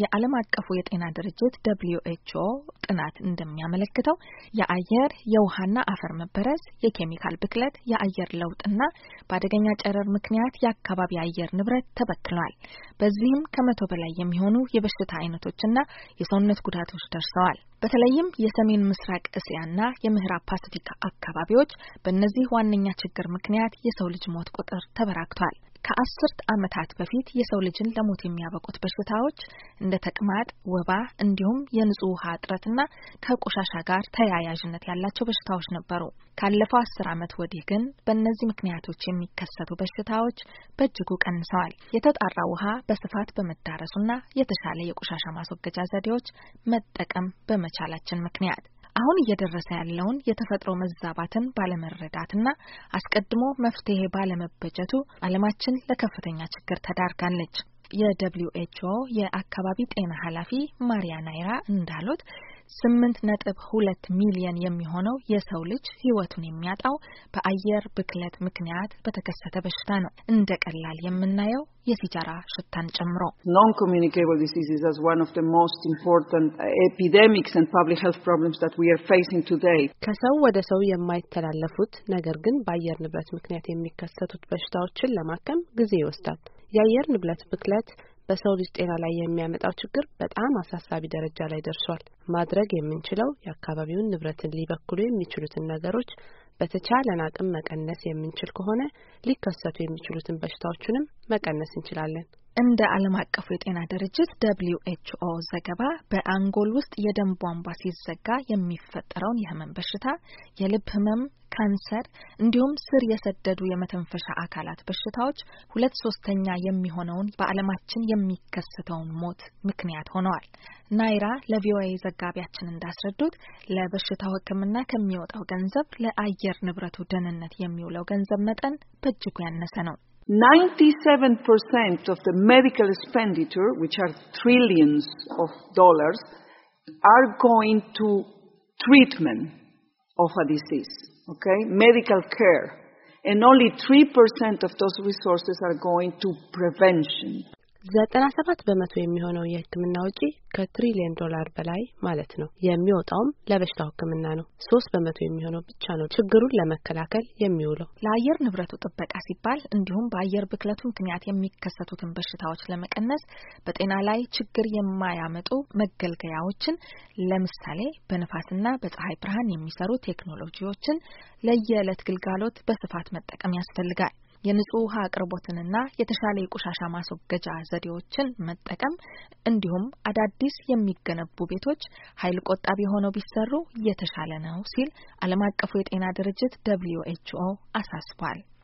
የዓለም አቀፉ የጤና ድርጅት ደብሊዩ ኤች ኦ ጥናት እንደሚያመለክተው የአየር የውሃና አፈር መበረዝ፣ የኬሚካል ብክለት፣ የአየር ለውጥና በአደገኛ ጨረር ምክንያት የአካባቢ አየር ንብረት ተበክሏል። በዚህም ከመቶ በላይ የሚሆኑ የበሽታ አይነቶችና የሰውነት ጉዳቶች ደርሰዋል። በተለይም የሰሜን ምስራቅ እስያና የምዕራብ ፓሲፊክ አካባቢዎች በእነዚህ ዋነኛ ችግር ምክንያት የሰው ልጅ ሞት ቁጥር ተበራክቷል። ከአስርት ዓመታት በፊት የሰው ልጅን ለሞት የሚያበቁት በሽታዎች እንደ ተቅማጥ፣ ወባ እንዲሁም የንጹህ ውሃ እጥረትና ና ከቆሻሻ ጋር ተያያዥነት ያላቸው በሽታዎች ነበሩ። ካለፈው አስር ዓመት ወዲህ ግን በእነዚህ ምክንያቶች የሚከሰቱ በሽታዎች በእጅጉ ቀንሰዋል። የተጣራ ውሃ በስፋት በመዳረሱ ና የተሻለ የቆሻሻ ማስወገጃ ዘዴዎች መጠቀም በመቻላችን ምክንያት አሁን እየደረሰ ያለውን የተፈጥሮ መዛባትን ባለመረዳትና አስቀድሞ መፍትሄ ባለመበጀቱ ዓለማችን ለከፍተኛ ችግር ተዳርጋለች። የደብሊው ኤችኦ የአካባቢ ጤና ኃላፊ ማሪያ ናይራ እንዳሉት ስምንት ነጥብ ሁለት ሚሊየን የሚሆነው የሰው ልጅ ህይወቱን የሚያጣው በአየር ብክለት ምክንያት በተከሰተ በሽታ ነው። እንደ ቀላል የምናየው የሲጃራ ሽታን ጨምሮ non communicable diseases as one of uh, ከሰው ወደ ሰው የማይተላለፉት ነገር ግን በአየር ንብረት ምክንያት የሚከሰቱት በሽታዎችን ለማከም ጊዜ ይወስዳል። የአየር ንብረት ብክለት በሰው ልጅ ጤና ላይ የሚያመጣው ችግር በጣም አሳሳቢ ደረጃ ላይ ደርሷል። ማድረግ የምንችለው የአካባቢውን ንብረትን ሊበክሉ የሚችሉትን ነገሮች በተቻለን አቅም መቀነስ የምንችል ከሆነ ሊከሰቱ የሚችሉትን በሽታዎችንም መቀነስ እንችላለን። እንደ ዓለም አቀፉ የጤና ድርጅት ደብሊው ኤች ኦ ዘገባ በአንጎል ውስጥ የደም ቧንቧ ሲዘጋ የሚፈጠረውን የህመም በሽታ፣ የልብ ህመም፣ ካንሰር እንዲሁም ስር የሰደዱ የመተንፈሻ አካላት በሽታዎች ሁለት ሶስተኛ የሚሆነውን በዓለማችን የሚከሰተውን ሞት ምክንያት ሆነዋል። ናይራ ለቪኦኤ ዘጋቢያችን እንዳስረዱት ለበሽታው ሕክምና ከሚወጣው ገንዘብ ለአየር ንብረቱ ደህንነት የሚውለው ገንዘብ መጠን በእጅጉ ያነሰ ነው። 97% of the medical expenditure, which are trillions of dollars, are going to treatment of a disease, okay? Medical care. And only 3% of those resources are going to prevention. ዘጠና ሰባት በመቶ የሚሆነው የሕክምና ወጪ ከትሪሊየን ዶላር በላይ ማለት ነው የሚወጣውም ለበሽታው ሕክምና ነው። ሶስት በመቶ የሚሆነው ብቻ ነው ችግሩን ለመከላከል የሚውለው። ለአየር ንብረቱ ጥበቃ ሲባል እንዲሁም በአየር ብክለቱ ምክንያት የሚከሰቱትን በሽታዎች ለመቀነስ በጤና ላይ ችግር የማያመጡ መገልገያዎችን ለምሳሌ በንፋስና በፀሐይ ብርሃን የሚሰሩ ቴክኖሎጂዎችን ለየዕለት ግልጋሎት በስፋት መጠቀም ያስፈልጋል። የንጹህ ውሃ አቅርቦትንና የተሻለ የቆሻሻ ማስወገጃ ዘዴዎችን መጠቀም እንዲሁም አዳዲስ የሚገነቡ ቤቶች ኃይል ቆጣቢ ሆነው ቢሰሩ የተሻለ ነው ሲል ዓለም አቀፉ የጤና ድርጅት ደብልዩ ኤች ኦ አሳስቧል።